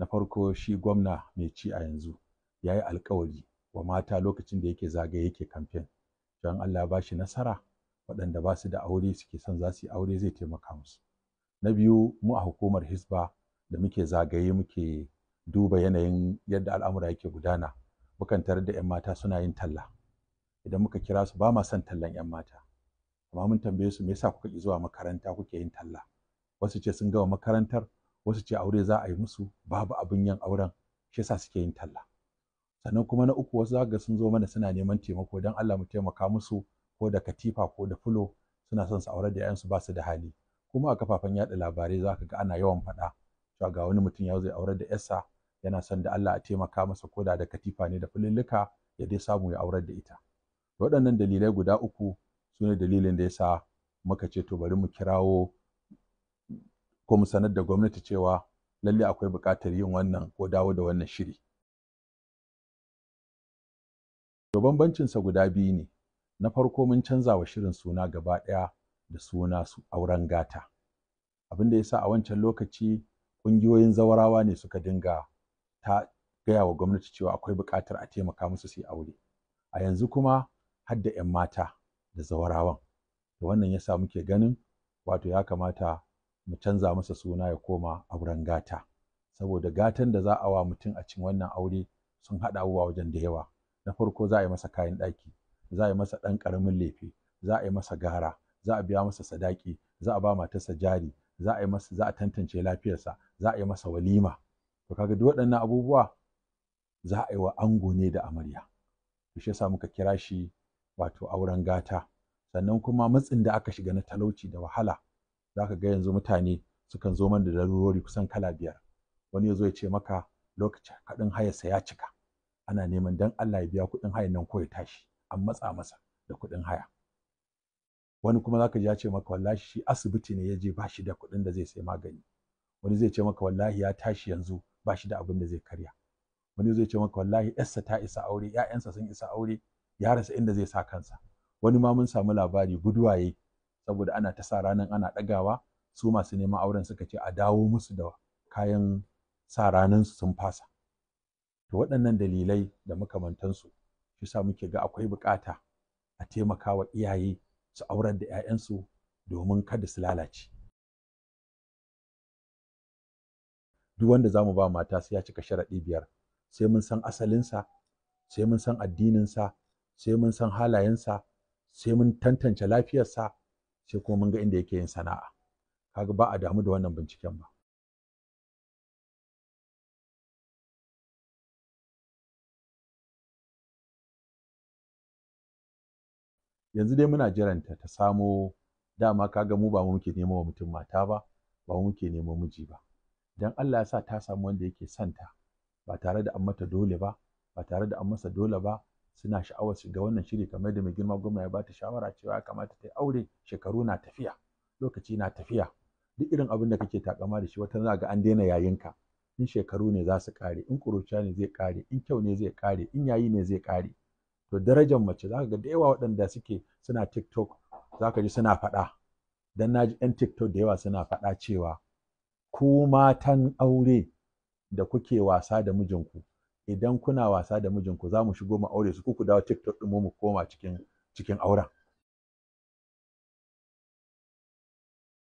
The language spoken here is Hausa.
na farko shi gwamna mai ci a yanzu ya yi alkawari wa mata lokacin da yake zagaye yake kamfen don Allah ba shi nasara waɗanda ba su da aure suke son za su yi aure zai taimaka musu na biyu mu a hukumar hisba da muke zagaye muke duba yanayin yadda al'amura yake gudana mukan tarar da 'yan mata suna yin talla idan muka kira su ba ma son tallan 'yan mata amma mun tambaye su me yasa kuka ki zuwa makaranta kuke yin talla wasu ce sun gama makarantar wasu ce aure za a yi musu babu abin yin auren shi yasa suke yin talla sannan kuma na uku wasu zaka sun zo mana suna neman taimako don Allah mu taimaka musu ko da katifa ko da fulo suna son su aure da 'ya'yansu ba su da hali kuma a kafafen yaɗa labarai zaka ga ana yawan faɗa cewa ga wani mutum ya zai aurar da yarsa yana son da Allah a taimaka masa ko da da katifa ne da fulillika ya dai samu ya aurar da ita waɗannan dalilai guda uku su dalilin da ya sa muka ce to bari mu kirawo ko mu sanar da gwamnati cewa lalle akwai buƙatar yin wannan ko dawo da wannan shiri. To bambancinsa guda biyu ne, na farko mun canza wa shirin suna gaba ɗaya da suna su auren gata. Abin da ya sa a wancan lokaci ƙungiyoyin zawarawa ne suka dinga ta gaya wa gwamnati cewa akwai buƙatar a taimaka musu su yi aure. A yanzu kuma hadda 'yan mata da zawarawan. To wannan ya sa muke ganin wato ya kamata mu canza masa suna ya koma auren gata saboda gatan da za a wa mutum a cikin wannan aure sun haɗa abubuwa wajen da yawa na farko za a yi masa kayan ɗaki za a yi masa ɗan ƙaramin lefe za a yi masa gara za a biya masa sadaki za a ba matarsa jari za a yi masa za a tantance lafiyarsa za a yi masa walima to kaga duk waɗannan abubuwa za a yi wa ango ne da amarya to shi yasa muka kira shi wato auren gata sannan kuma matsin da aka shiga na talauci da wahala za ka ga yanzu mutane sukan zo man da larurori kusan kala biyar wani ya zo ya ce maka lokacin kaɗin hayarsa ya cika ana neman dan Allah ya biya kuɗin hayan nan ko ya tashi an matsa masa da kuɗin haya wani kuma zaka ji ya ce maka wallahi shi asibiti ne ya je ba shi da kuɗin da zai sai magani wani zai ce maka wallahi ya tashi yanzu ba shi da abin da zai karya wani zai ce maka wallahi yarsa ta isa aure ƴaƴansa sun isa aure ya rasa inda zai sa kansa wani ma mun samu labari guduwa yayi saboda ana ta sa ranan ana ɗagawa su masu neman auren suka ce a dawo musu da kayan sa ranan sun fasa to waɗannan dalilai da makamantansu shi sa muke ga akwai bukata a taimaka wa iyaye su aurar da 'ya'yansu domin kada su lalace duk wanda za mu ba mata su ya cika sharaɗi biyar sai mun san asalinsa sai mun san addininsa sai mun san halayensa sai mun tantance lafiyarsa sai kuma mun ga inda yake yin sana'a kaga ba a damu da wannan binciken ba yanzu dai muna jiranta ta samo dama kaga mu ba mu muke nema wa mutum mata ba ba mu muke nema miji ba Idan Allah ya sa ta samu wanda yake santa ba tare da an mata dole ba ba tare da an masa dole ba suna sha'awar su ga wannan shiri kamar da mai girma gwamna ya ba ta shawara cewa ya kamata ta yi aure shekaru na tafiya lokaci na tafiya duk irin abin da kake takama da shi wata za ga an daina yayinka in shekaru ne za su kare in kuruciya ne zai kare in kyau ne zai kare in yayi ne zai kare to darajar mace za ka ga da yawa waɗanda suke suna tiktok za ka ji suna faɗa dan na ji 'yan tiktok da yawa suna faɗa cewa ku matan aure da kuke wasa da mijinku idan kuna wasa da mijinku za mu shigo mu aure su ku dawo tiktok ɗin mu koma cikin cikin auren